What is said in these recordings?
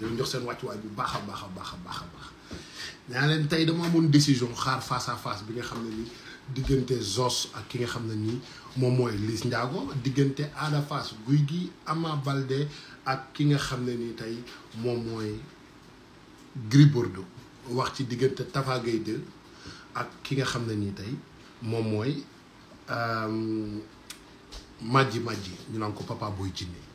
dañu jox seen wàccuwaay bu baax a baax a baax a baax a baax naa leen tey dama amoon décision xaar face à face bi nga xam ne ni diggante Zos ak ki nga xam ne nii moom mooy Liss Ndiago diggante Ada Fass Gouye Ama Baldé ak ki nga xam ne nii tey moom mooy Gris Bordeaux wax ci diggante Tapha Gueye 2 ak ki nga xam ne nii tey moom mooy euh, Madji Madji ñu naan ko Papa Boy Djiné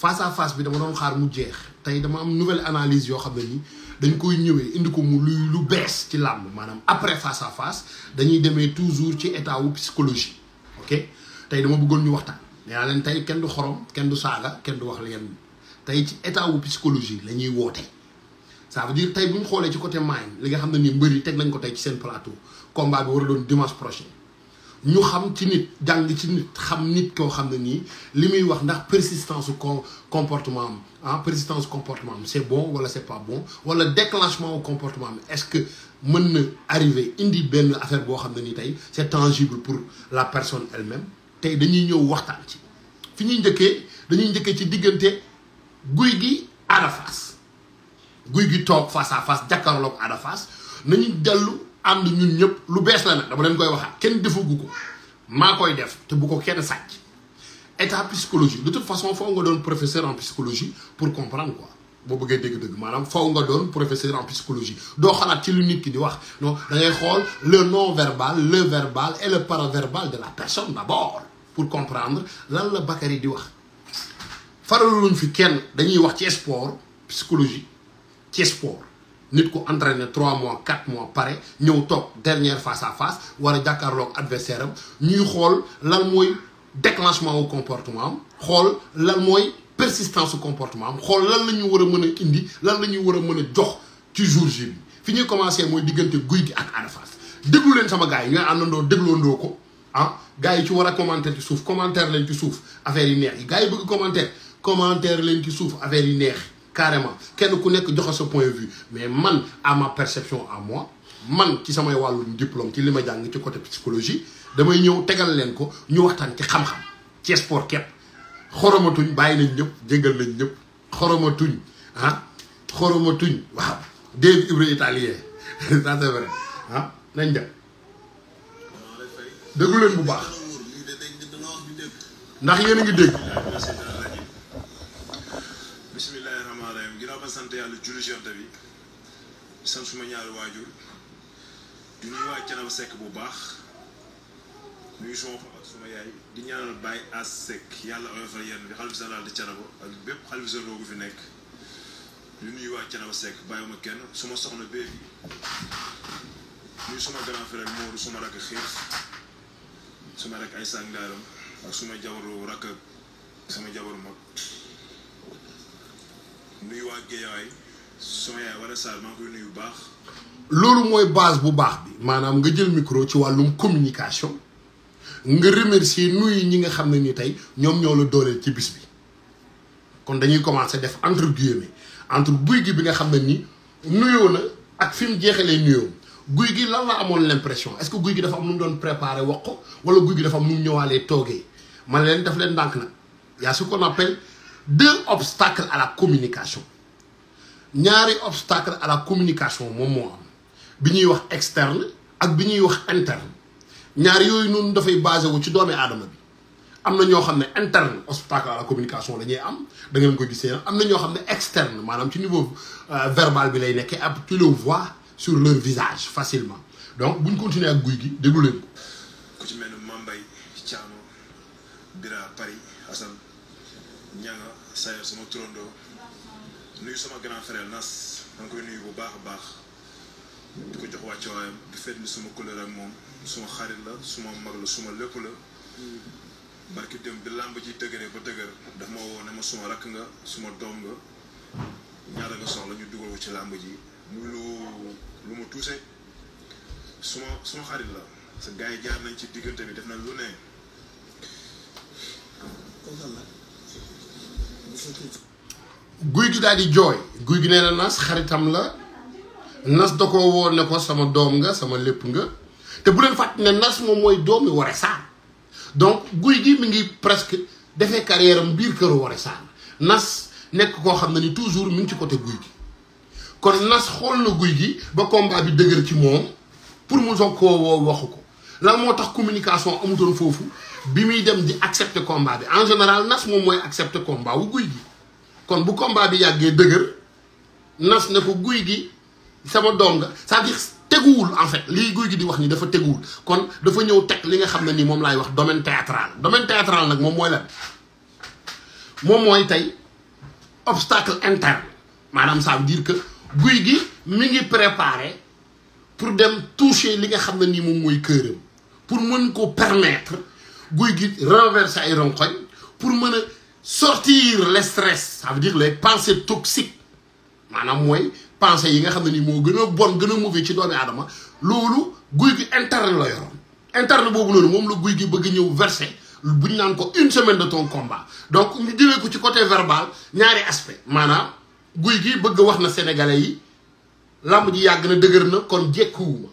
face à bi dama doon xaar mu jeex tey dama am nouvelle analyse yoo xam ne ni dañ koy ñëwee indi ko mu lu lu bees ci làmb maanaam après face à face dañuy demee toujours ci état wu psychologie ok tey dama bëggoon ñu waxtaan nee naa leen tey kenn du xorom kenn du saaga kenn du wax leen tey ci état wu psychologie la ñuy woote ça veut dire tey bu ñu xoolee ci côté mind li nga xam ne nii mbër yi teg nañ ko tey ci seen plateau combat bi war a doon dimanche prochain ñu xam ci nit jàng ci nit xam nit koo xam na nii li muy wax ndax persistance su comportement am ah persistance comportement am c'est bon wala c'est pas bon wala déclenchement au comportement am est-ce que mën na arriver indi benn affaire boo xam ne nii tey c'est tangible pour la personne elle tey dañuy ñëw waxtaan ci fi ñuy njëkkee dañuy njëkkee ci diggante guy gi Ada guy gi toog face à face jàkkaarloog Ada na ñu dellu. ànd ñun ñëpp lu bees la nag dama leen koy waxaat kenn defagu ko maa koy def te bu ko kenn sàcc état psychologie de toute façon foo nga doon professeur en psychologie pour comprendre quoi boo bëggee dégg-dëgg maanaam faw nga doon professeur en psychologie doo xalaat ci lu nit ki di wax no da ngay xool le non verbal le verbal et le paraverbal de la personne d'abord pour comprendre lan la Bakary di wax faraluñ fi kenn dañuy wax ci sport psychologie nit ku entraîné 3 mois 4 mois pare ñëw toog dernière face à face war a jàkkaarloog adversaire am ñuy xool lan mooy déclenchement au comportement am xool lan mooy persistance au comportement am xool lan la ñu war a mën a indi lan la ñu war a mën a jox ci jour J bi fi ñuy commencé mooy diggante guy gi ak Ada Fass déglu leen sama gars yi ñooy àndandoo dégloondoo ko ah gars yi ci war a commentaire ci suuf commentaire leen ci suuf affaire yi neex gars yi bëgg commentaire commentaire leen ci suuf affaire yi neex carrément kenn ku nekk joxe sa point de mais man à ma perception à man ci samay wàllum diplôme ci li ma jàng ci côté psychologie damay ñëw tegal leen ko ñu waxtaan ci xam-xam ci sport képp xoromatuñ bàyyi nañ ñëpp jégal nañ ñëpp xoromatuñ ah, xoromatuñ waaw Dave Ibra italien ça c'est ah, nañ dem déglu bu baax ndax yéen ngi dégg sant yàlla julli ci yonte bi sant suma ñaari waajur di nuyu waa Canaba Seck bu baax nuyu suma papa ak suma yaay di ñaanal Baye As Seck yàlla oyofal yenn bi xalifa général di Canaba ak bépp xalifa général bu fi nekk di nuyu waa Canaba Seck bàyyiwuma kenn suma soxna bi nuyu suma grand frère Mooru suma rakk xiif suma rakk ay sàngaaram ak suma jabaru rakk sama jabaru mag nuyu waa Guédiawaye sama yaay wala Sarr maa koy nuyu baax. loolu mooy base bu baax bi maanaam nga jël micro ci wàllum communication nga remercier nuyu ñi nga xam ne ni tey ñoom ñoo la dooleel ci bis bi kon dañuy commencer def entre guillemets entre buy gi bi nga xam ne ni nuyoo na ak fi mu jeexalee nuyoo guy gi lan la amoon l'impression est-ce que guy gi dafa am nu mu doon préparer wax ko wala guy gi dafa am nu mu ñëwaale toogee man leen daf leen ndànk na yaa su deux obstacles à la communication ñaari obstacle à la communication moom moo am bi ñuy wax externe ak bi ñuy wax interne ñaar yooyu noonu dafay basé wu ci doomi aadama bi am na ñoo xam ne interne obstacle à la communication la am da ngeen ko gisee am na ñoo xam ne externe maanaam ci niveau euh, verbal bi lay nekkee ab tu le vois sur leur visage facilement donc buñ continuer ak guy gi déglu leen ko. ci mel ne Mambay Thiano Bira Paris Assane Sayo suma turandoo nuyu sama grand frère Nas ma koy nuyu bu baax a baax di ko jox wàccuwaayam di fedd ni suma couleur ak moom suma xarit la suma mag la suma lépp la barki dem bi làmb ji dëgëre ba dëgër daf ma woo ne ma suma rakk nga suma doom nga ñaata nga soxla ñu dugal ko ci làmb ji muy lu lu ma tuuse suma suma xarit la parce que yi jaar nañ ci diggante bi def nañ lu ne guy gi daal di jooy guy gi nee na nas xaritam la nas da koo woo ne ko sama doom nga sama lépp nga te bu leen fàttali ne nas moom mooy doomi Woré Sarr donc guy gi mu ngi presque defee carrière biir kër Woré Sarr nas nekk koo xam ne ni toujours mi ngi ci côté guy gi kon nas xool na guy gi ba combat bi dëgër ci moom pour mu soog koo waxu ko lan moo tax communication amutoon foofu bi muy dem di accepter combat bi en général nas moom mooy accepter combat wu guy gi kon bu combat bi yàggee dëgër nas ne ko guy gi sama doom nga cest dire teguwul en fait lii guy gi di wax ni dafa teguwul kon dafa ñëw teg li nga xam ne nii moom laay wax domaine théâtral domaine théâtral nag moom mooy lan moom mooy tey obstacle interne maanaam ça veut dire que guy gi mi ngi préparé pour dem toucher li nga xam ne nii moom mooy këram pour mën ko permettre guy gi renverser ay ronkoñ pour mën a sortir le stress ça veut dire les pensées toxiques maanaam mooy pensées yi nga xam ne ni moo gën a bon gën a mauvais ci doomi aadama loolu guy gi interne la yoroon interne boobu loolu moom la guy gi bëgg ñëw verser bu ñu naan ko une semaine de ton combat donc ñu jëlee ko ci côté verbal ñaari aspect maanaam guy gi bëgg wax na sénégalais yi làmb ji yàgg na dëgër na kon jekkuwuma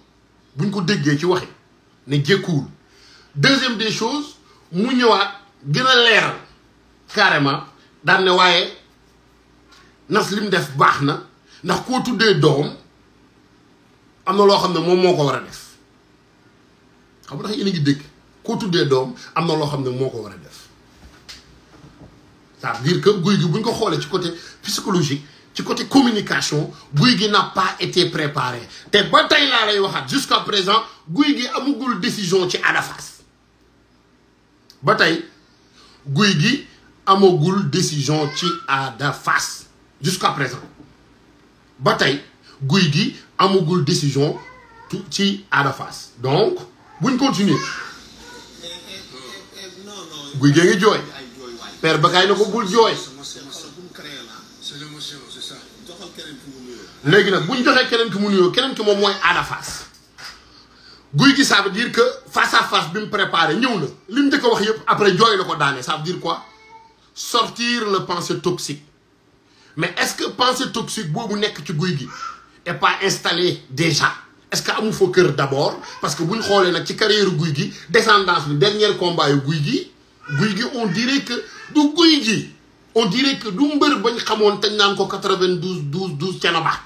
buñ ko déggee ci waxi ne jékkuwul deuxième de choses mu ñëwaat gën a leeral carrément daan ne waaye nas lim def baax na ndax koo tuddee doom am na loo xam ne moom moo ko war a def xam nga ndax yéen ngi dégg koo tuddee doom am na loo xam ne moo ko war a def cest à kër guy gi bu ko xoolee ci côté psychologique. ci côté communication guy gi n'a pas été préparé te ba tey laa lay waxaat jusqu'à présent guy gi amagul décision ci Ada Fass ba tey guy gi amagul décision ci à Ada Fass jusqu'à présent ba tey guy gi amagul décision ci Ada Fass donc buñ continuer eh, eh, eh, guy gee ngi jooy père Bakay na ko bul jooy léegi nag bu ñu joxee keneen ki mu nuyoo keneen ki moom mooy Ada Fass guy gi ça veut que face à face bi mu préparer ñëw na li mu njëkk a wax yëpp après jooy la ko daane ça veut dire quoi sortir le pensée toxique mais est-ce que pensée toxique boobu nekk ci guy gi est pas installé déjà est-ce que amu foo kër d'abord parce que bu ñu xoolee nag ci carrière guy gi descendance bi dernier combat yu guy gi guy gi on dirait que du guy gi on dirait que du mbër bañ xamoon tañ naan ko 92 12 12 Thiénaba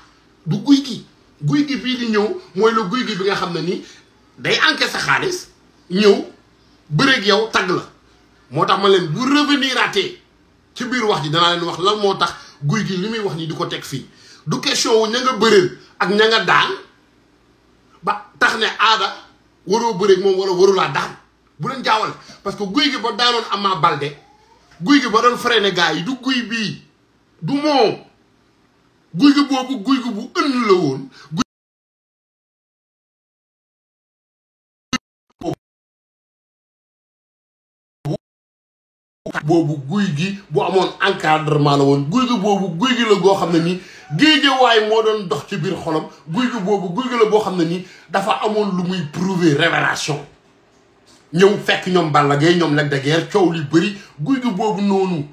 du guy gi guy gi bii di ñëw mooy la guy gi bi nga xam ne ni day encaisser xaalis ñëw bëreeg yow tagg la moo tax ma leen bu revenir ci biir wax ji danaa leen wax la moo tax guy gi li muy wax nii du ko teg fii du question wu ña nga bëreel ak ñanga nga daan ba tax ne aada waroo bëreeg moom wala warulaa daan bu leen jaawal parce que guy gi ba daanoon Ama balde guy gi ba doon freiné gars yi du guy bii du moom guy gi boobu guy gi bu amoon encadrement la woon guy gi boobu guy gi la goo xam ne nii géejewaay moo doon dox ci biir xolom guy gi boobu guy gi la boo xam ne nii dafa amoon lu muy prouver révélation ñëw fekk ñoom Balla Gaye ñoom Lac de Guiers coow li bëri guy gi boobu noonu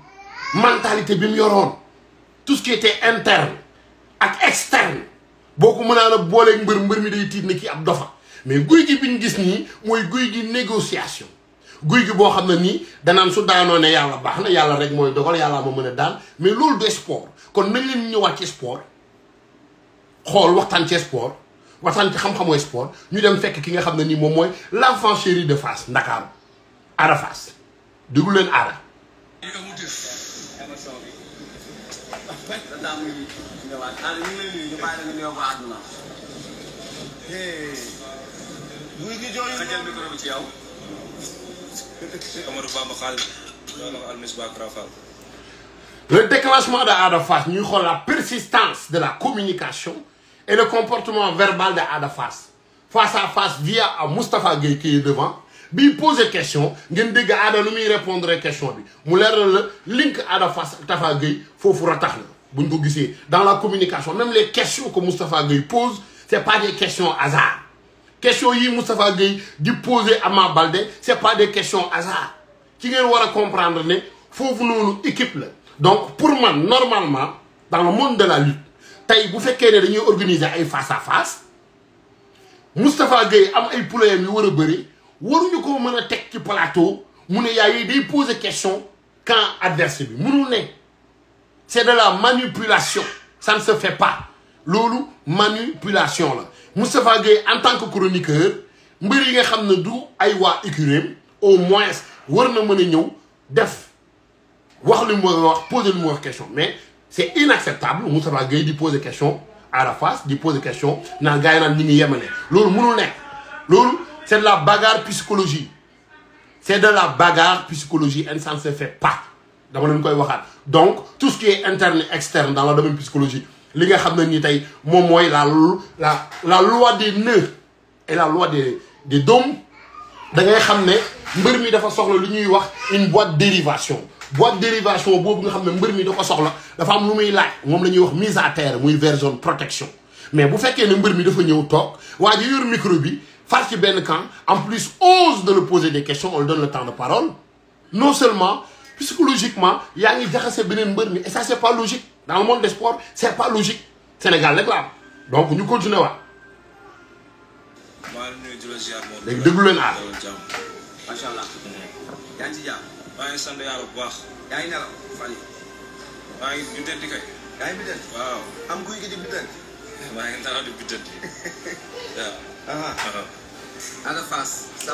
mentalité bi mu yoroon tout ce interne ak externe boo ko mën mënaan a booleeg mbër mbër mi day tiit ne kii ab dofa mais guy gi bi ñu gis nii mooy guy gi négociation guy gi boo xam ne nii danaan su daanoo ne yàlla baax na yàlla rek mooy dogal yàlla ma mën a daal mais loolu du sport kon nañ leen ñëwaat ci sport xool waxtaan ci sport waxtaan ci xam-xamu sport ñu dem fekk ki nga xam ne nii moom mooy l'enfant chéri de Fass Ndakaaru Ada Fass Ada. da daa muy ñëwaat xaaral ñu ngi lay nuyu la nga nuyoo ba àdduna. muy gi jooyu nga jël micro bi ci yow. Amadou Bamba Fall. Al Le déclenchement de ñuy xool la persistance de la communication et le comportement verbal de Ada face à face via à Moustapha Gueye qui est devant. bii poser question ngeen dégg aada lu muy répondre question bi mu leeral la link aada face Tafa Gueye foofu ratax la ñu ko gisee dans la communication même les questions ko Moustapha Gueye pose c'est pas des questions hasard question yi Moustapha Gueye di poser Ama Baldé c'est pas des questions hasard ci ngeen war a comprendre ne foofu noonu équipe la donc pour man normalement dans le monde de la lutte tey bu fekkee ne dañuy organiser ay face à face am ay poulain yu war a bëri waruñu ko mën a teg ci plateau mu ne yaay yi day poser question quand adverse bi mënul ne c'est de la manipulation ça ne se fait pas loolu manipulation la Moustapha Gueye en tant que chroniqueur mbir yi nga xam ne du ay waa écuréem au moins war na mën a ñëw def wax lu mu wax pose lu mu wax question mais c'est inacceptable Moustapha Gueye di poser question à la face di poser question naan gars yi ni ñi ngi yemale loolu mënul nekk loolu C'est de la bagarre psychologie. C'est de la bagarre psychologie et ça ne se fait pas. Donc, tout ce qui est interne et externe dans le domaine psychologie, ce que vous la, la, la loi des nœuds et la loi des, des dômes, da ngay xam ne mbër mi dafa soxla lu ñuy wax une boîte dérivation boîte dérivation boobu nga xam ne mbër mi da ko soxla dafa am lu muy laaj moom la ñuy wax mise à terre muy version protection mais bu fekkee ne mbër mi dafa ñëw toog waa ji yor far que benn camp en plus ose de le poser des questions on lui donne le temps de parole non seulement psychologiquement yaa ngi jaxase beneen mbër mi et ça c'est pas logique dans le monde des sports c'est pas logique Sénégal rek donc ñu continuer waat. maa ngi nuyu di la ziar moom. léegi déglu leen aar. macha allah. yaa ngi ci jàmm. maa ngi sant yàlla bu baax. yaa ngi nelaw fan yi. maa ngi Ada Fass sa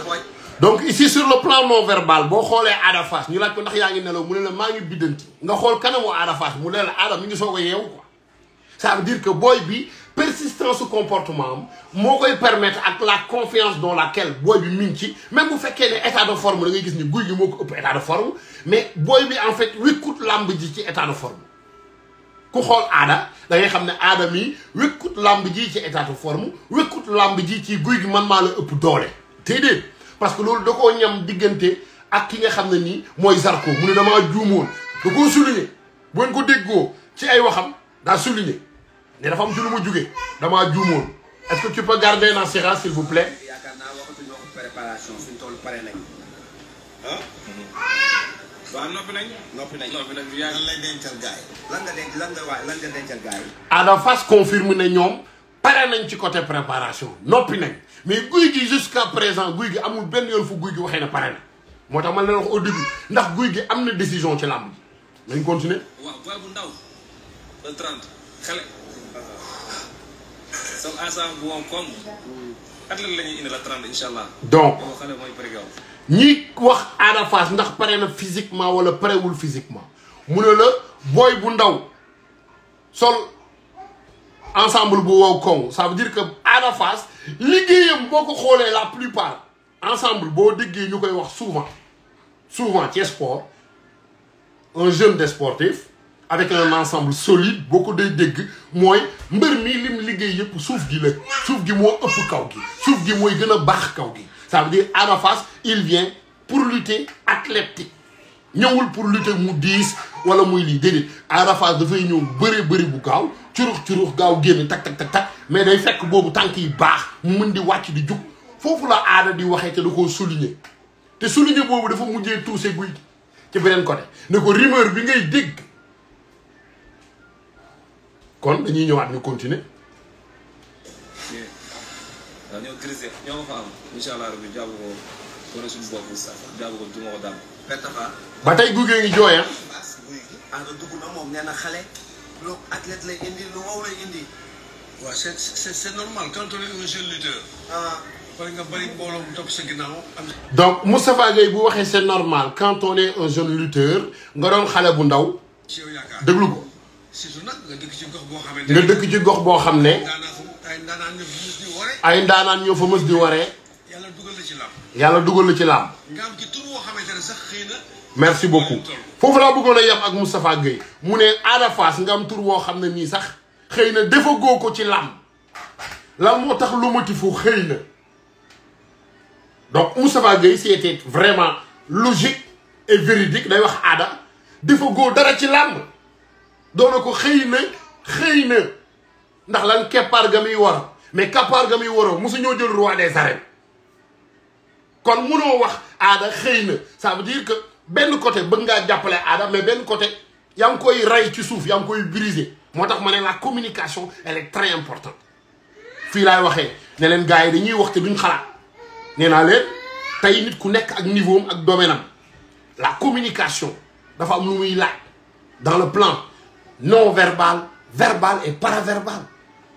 donc ici sur le plan non verbal boo xoolee Ada Fass ñu laaj ko ndax yaa ngi nelaw mu ne la maa ngi biddanti nga xool kanamu Ada mu ne la Ada mi ngi soo a yeewu quoi ça veut que booy bi persistance su comportement am moo koy permettre ak la confiance dans laquelle booy bi mi ngi ci même bu fekkee ne état de forme da ngay gis ni guy gi moo ko ëpp état de forme mais booy bi en fait wékkut làmb ji ci état de forme. ku xool aada da ngay xam ne aada mi wékkut làmb ji ci état de forme wékkut làmb ji ci guy gi man maa la ëpp doole tey parce que loolu da koo ñam diggante ak ki nga xam ne nii mooy Zarko mu ne damaa juumoon da koo souligner bu ko déggoo ci ay waxam daa souligner ne dafa am ci lu ma jugee damaa juumoon est-ce que tu peux garder un assurance s'il vous plaît. pare nañ waaw noppi nañ. noppi nañ noppi nañ yaa lan lay dencal lan nga denc lan nga waay lan nga dencal gars yi. confirme ne ñoom pare nañ ci côté préparation noppi nañ mais guy gi jusqu'à présent guy gi amul benn yoon fu guy gi waxee na pare na moo tax man la wax au début ndax guy gi am na décision ci làmb ji nañ continuer. ndaw le 30 xale. soog ensemble bu woon koom. at lañuy indi allah. donc xale mooy ñi wax Ada ndax pare na physiquement wala parewul physiquement mu ne la booy bu ndaw sol ensemble bu wow koŋ ça veut dire que Ada Fass liggéeyam boo ko xoolee la plupart ensemble boo déggee ñu koy wax souvent souvent ci sport un jeune de sportif avec un ensemble solide boo ko day dégg mooy mbër mi lim liggéey yëpp suuf gi la suuf gi moo ëpp kaw gi suuf gi mooy gën a baax kaw gi ça veut dire Arafas il vient pour lutter athlétique ñëwul pour lutter mu diis wala muy lii déedéet Arafas dafay ñëw bëri bëri bu gaaw curux curux gaaw génn tak tak tak mais day fekk boobu tànk yi baax mu mën di wàcc di jug foofu la aada di waxee te da ko souligner te souligner boobu dafa mujjee tuuse guy ci beneen côté ne ko rumeur bi ngay dégg kon dañuy ñëwaat mi continuer ma fa am ba tey guy gi ngi jooy ah. guy gi ah nga dugg na moom nee xale. lu athlète lay indi lu wow indi. waaw c'est normal quand on jeune lutteur. Ah. nga donc Moustapha Gueye waxee c'est normal quand on est doon xale bu ndaw. déglu ko. surtout nag nga dëkk ci gox boo xamante ne. nga dëkk ci gox boo xam ne. ay ndaanaan ñoo fa mës di waree. ay ndaanaan ñoo fa mës di yàlla dugal la ci làmb. yàlla dugal la ci làmb. nga am ci tur woo xamante ne sax xëy na. merci beaucoup foofu laa bëggoon yam ak Moustapha Gueye mu ne Ada Fass nga am tur boo xam ne nii sax xëy na defagoo ko ci làmb lan moo tax lu motifu xëy na donc Moustapha Gueye c'était vraiment logique et véridique day wax Ada defagoo dara ci làmb. doona ko xëy na xëy na ndax lan keppaar ga muy war mais keppaar ga muy waroo mosu ñoo jël roi des arènes kon munoo wax aada xëy na ça veut dire que benn côté bëgg ngaa jàppale aada mais benn côté yaa ngi koy rey ci suuf yaa ngi koy briser moo tax ma ne la communication elle est très importante fii laay waxee ne leen gars yi dañuy wax te duñ xalaat nee naa leen tey nit ku nekk ak niveau am ak domaine la communication dafa am lu muy laaj dans le plan non verbal verbal et paraverbal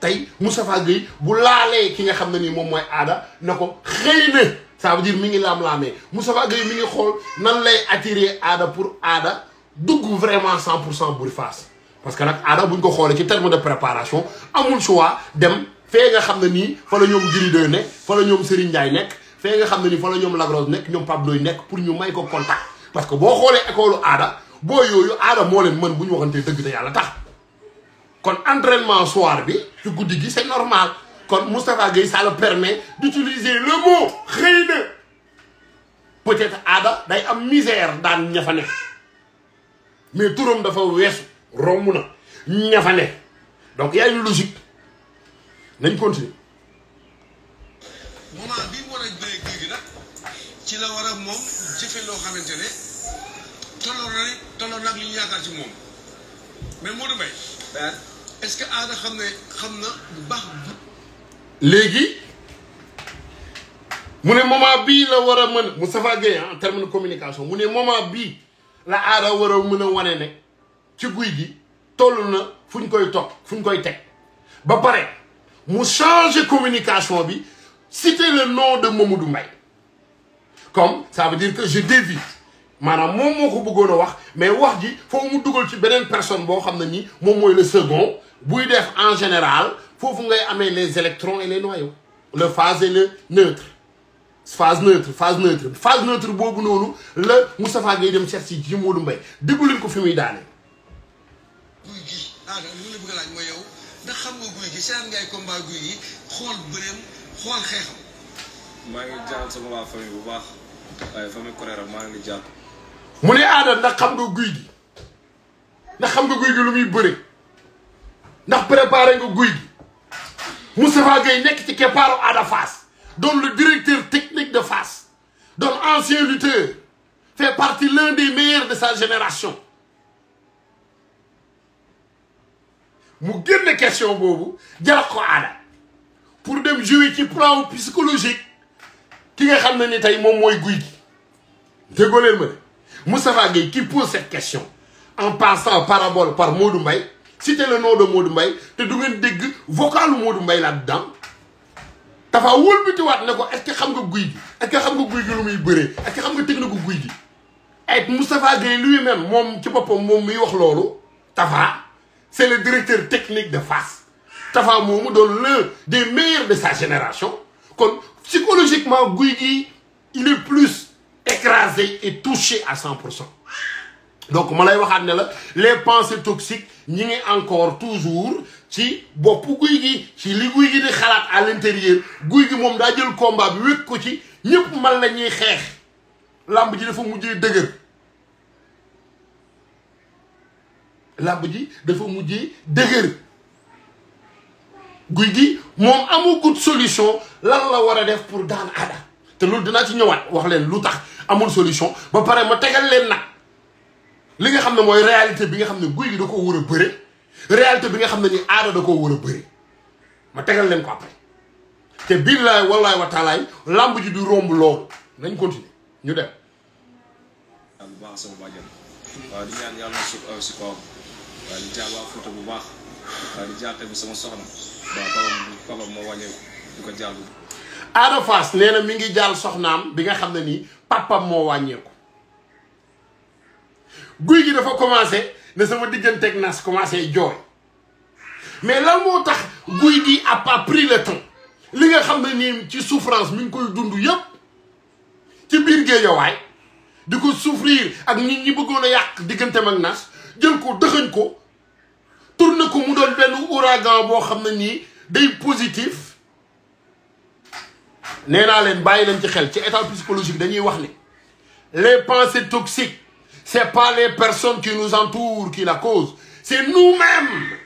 tey Moustapha Gueye bu laalee ki nga xam ne nii moom mooy aada na ko xëy na ça veut dire mi ngi laam-laamee Moustapha Gueye mi ngi xool nan lay attirer aada pour aada dugg vraiment cent pour cent buri face parce que nag aada bu ko xoolee ci terme de préparation amul choix dem fee nga xam na nii fa la ñoom Gris 2 nekk fa la ñoom Serigne Ndiaye nekk fee nga xam ne nii fa la ñoom Lagros nekk ñoom Pape nekk pour ñu may ko contact parce que boo xoolee école aada boo yooyu aada moo leen mën bu ñu waxantee dëgg te yàlla tax kon entraînement soir bi ci guddi gi c'est normal kon Moustapha Gueye ça le permet d'utiliser le mot xëy na peut-être aada day am misère daan ñafa mais turam dafa weesu romb na ñafa ne donc y a une logique nañ continuer moment ci la war a moom jëfe loo xamante ne tolloo na nag li ñu ci moom mais Modou Mbaye. est-ce que aada xam ne xam na bu baax. mu ne moment bii la war a mën Moustapha Gueye en terme de communication mu ne moment bii la aada war a mën a wane ne ci guy gi tolloon na fu ñu koy toog fu ñu koy teg ba pare mu changer communication bi citer le nom de Mamadou Mbaye comme ça veut dire que je dévie. maanaam moom moo ko bëggoon wax mais wax ji foofu mu dugal ci beneen personne boo xam ne ni moom mooy le second buy def en général foofu ngay amee les électrons et les noyaux le phase et le neutre phase neutre phase neutre boobu noonu la Moustapha Gueye dem seet si ci Modou Mbaye déglu leen ko fi muy daane guy gi ah mu la bëgg laaj mooy yow ndax xam nga guy gi seen ngay combat guy gi xool bëreem xool xeexam maa ngi jàll sama waa famille bu baax waaye famille Koréra mu ne aada ndax xam nga guy gi xam nga guy gi lu muy bëre ndax préparé nga guy gi Moustapha Gueye nekk ci keppaaru aada Fass doon le directeur technique de Fass doon ancien lutteur fait partie l'un des meilleurs de sa génération mu génne question boobu jarax ko aada pour dem jouer ci plan psychologique ki nga xam ne ni tey moom mooy guy gi déggoo leen ma de Moustapha Gueye qui pose cette question en passant parabole par Modou Mbaye citer le nom de Modou mbay te du ngeen dégg vocalu Modou Mbaye là-dedans dafa wëlbatiwaat na ko est-ce que xam nga guy gi est que xam nga guy gi lu muy bëree est-ce que xam nga technique guy gi ay Moustapha Gueye lui-même moom ci boppam moom muy wax loolu Tafa c'est le directeur technique de Fass Tafa moomu doon l'un des meilleurs de sa génération kon psychologiquement guy gi il plus écrasé et touché à 100 pour cent donc ma lay waxaat ne la les pensées toxiques ñi ngi encore toujours ci bopp guy gi ci li guy gi di xalaat à l'intérieur guy gi moom daa jël combat bi wékk ko ci ñëpp man la ñuy xeex làmb ji dafa mujjee dëgër làmb ji dafa mujjee dëgër guy gi moom amagut solution lan la war a def pour daan aada te loolu dinaa ci ñëwaat wax leen lu tax amul solution ba pare ma tegal leen nag li nga xam ne mooy réalité bi nga xam ne guy gi da koo war a bëre réalité bi nga xam ne ni aada da koo war a bëre ma tegal leen ko après te billaay wallaay wa taalaay làmb ji du romb loolu nañ continuer ñu dem. bu baax sama bàjjan waaw di ñaan yàlla su euh, bu baax waaw di jaar tamit sama soxna waaw papa papa moo wàññeeku di ko jaar Ada Fass nee na mi ngi jaal soxnaam bi nga xam ne nii papam moo wàññeeku guy gi dafa commencé ne sama digganteeg nas commencé jooy mais lan moo tax guy gi a pas pris le temps li nga xam ne nii ci souffrance mi ngi koy dund yépp ci biir géejawaay di ko souffrir ak nit ñi bëggoon a yàq digganteem ak nas jël ko dëxëñ ko tourne ko mu doon benn ouragan boo xam ne nii day positif nee naa leen bàyyi leen ci xel ci état psychologique dañuy wax ni les pensées toxique c'est pas les personnes qui nous entourent qui la causent c'est nous-mêmes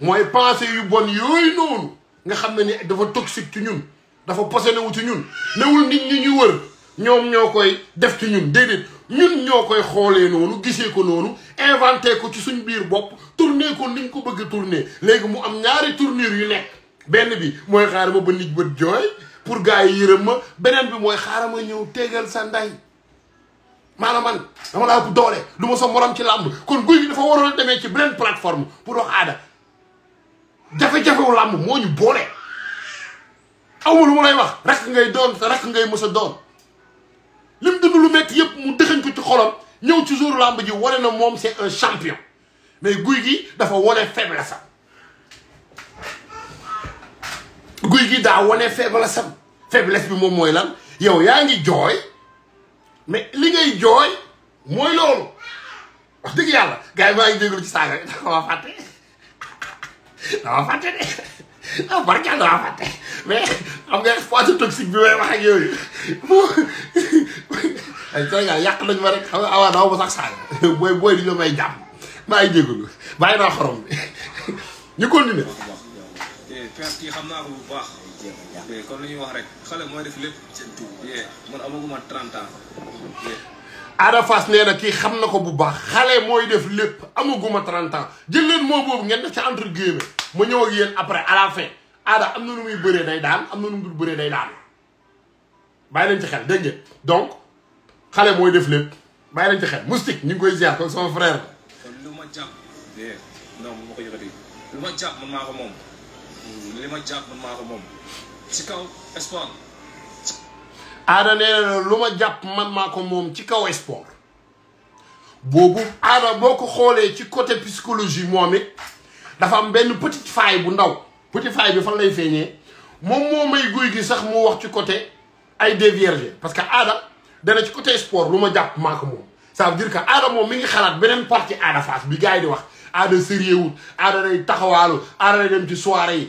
mooy pensées yu bon yooyu noonu nga xam na ni dafa toxique ci ñun dafa posé wu ci ñun newul nit ñi ñu ñoom ñoo koy def ci ñun déedéet ñun ñoo koy xoolee noonu gisee ko noonu inventé ko ci suñ biir bopp tourné ko niñ ko bëgg a tourné léegi mu am ñaari tournure yu nekk benn bi mooy xaar ma ba nit bët jooy pour gars yi yërëm ma beneen bi mooy xaaral ma ñëw tegal sa nday maanaam man dama laa ëpp doole lu ma sa moroom ci làmb kon guy gi dafa waroon demee ci beneen plateforme pour wax aada jafe-jafewu làmb moo ñu boole awma lu ma lay wax rek ngay doon sa rek ngay mës a doon lim dund lu metti yëpp mu dëxañ ko ci xolam ñëw ci jour làmb ji wane na moom c'est un champion mais guy gi dafa wane faiblesse am guy gi daa wane faiblesse am faiblesse bi moom mooy lan yow yaa ngi jooy mais li ngay jooy mooy loolu dëgg yàlla gars yi maa ngi déglu ci saaga bi dama fàtte dama fàtte de ah, mais xam nga poids toxique bi may wax ak yooyu ay Sénégal yàq nañ ma rek xam nga awa dama ma sax saaga booy booy di ñu may jàmm maa ngi déglu bàyyi naa xorom bi ñu continuer perte yi xam naa bu baax. kon li ñuy wax rek xale mooy def amaguma 30 nee na kii xam na ko bu baax xale mooy def lépp amaguma trentant ans jël leen moo boobu ngeen def entre guillemets ma ñëw ak yéen après à la fin Ada am na nu muy bëree day daan am na nu mu bëree day daan bàyyi leen ci xel dégg donc xale mooy def lépp bàyyi leen ci xel moustique ñu ngi koy ziar kon sama frère lu ma jàpp. ma maa ko moom. li ma jàpp man maa ko moom ci kaw sport. aada lu ma jàpp man maa ko moom ci kaw sport boobu aada boo ko xoolee ci côté psychologie moom it dafa am benn petite faille bu ndaw petite faille bi fan lay feeñee moom moo may guy gi sax mu wax ci côté ay dévierge parce que aada dana ci côté sport lu ma jàpp maa ko moom ça veut que aada moom mi ngi xalaat beneen partie aada face bi gars yi di wax. aada sérieux wut aada day taxawaalu aada day dem ci soirée yi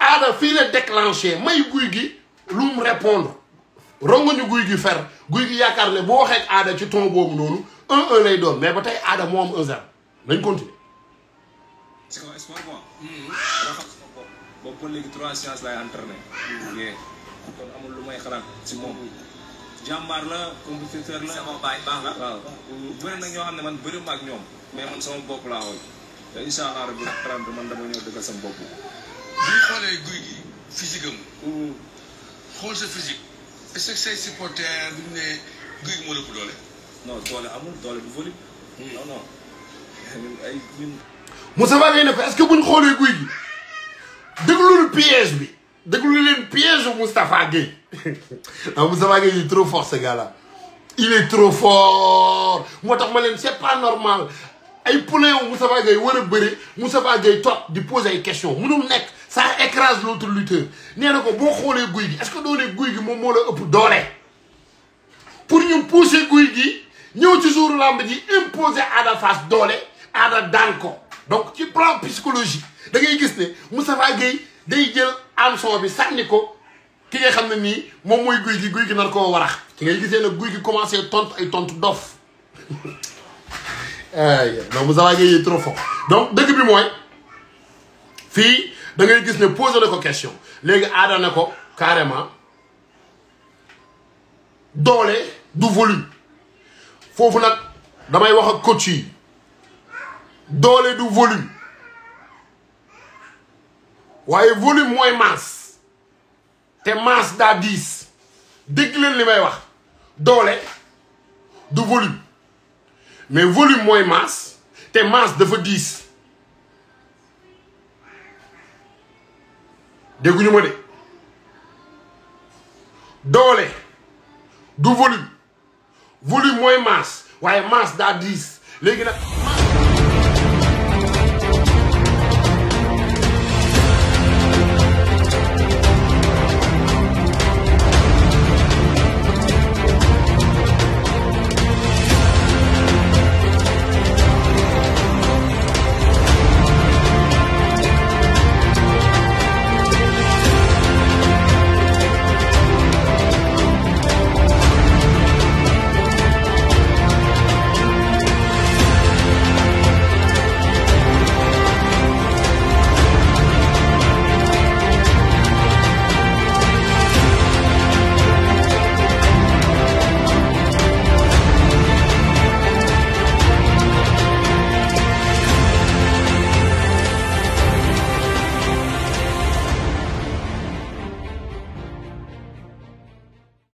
aada fii la déclenché may guy gi lu répondre rongoñu guy gi fer guy gi yaakaar ne boo waxee ak ci ton boobu noonu un un lay doon mais ba tey aada moo am nañ continuer hmm. hmm, moom. jàmbaar la compétiteur la sama baay baax la. waaw hmm. ak ñoom. mais man sama bopp laa woon te incha allah rabbi man dama ñëw dëggal sama bopp. bi ñu xoolee guy gi physique am. Mm-hmm. xool sa physique est-ce que say supporters bi ne guy gi moo lëpp doole. non doole amul doole du voli. Mm. non non ay ñun. Moussa Gueye ne ko que bu ñu xoolee guy gi dégluwul piège bi déglu leen piège bu Moustapha Gueye ah Moustapha Gueye il est trop fort ce gars il est trop fort moo tax ma leen c'est pas normal. ay poulain Moustapha Gueye war a bëre Moustapha Gueye toog di poser ay questions mënul nekk ça écrase l'autre lutteur nee na ko boo xoolee guy gi est-ce que doolee guy gi moom moo la ëpp doole pour ñu pousser guy gi ñëw ci jour làmb ji imposer Ada Fass doole Ada daan ko donc ci plan psychologique dangay gis ne Moustapha Gueye day jël hameçon bi sànni ko ki nga xam ne nii moom mooy guy gi guy gi nar koo warax ki ngay gisee nag guy gi commencé tontu ay tontu dof non eh, vous avez donc dégg bi mooy fii dangay gis ne posé na ko question léegi aada na ko carrément doole du volume foofu nag damay wax ak coach yi doole du volume waaye volume mooy masse te masse daa diis dégg leen li may wax doole du volume mais volume mooy masse te masse dafa diis dégguñu ma de doole du volume volume mooy masse waaye masse daa diis léegi nag.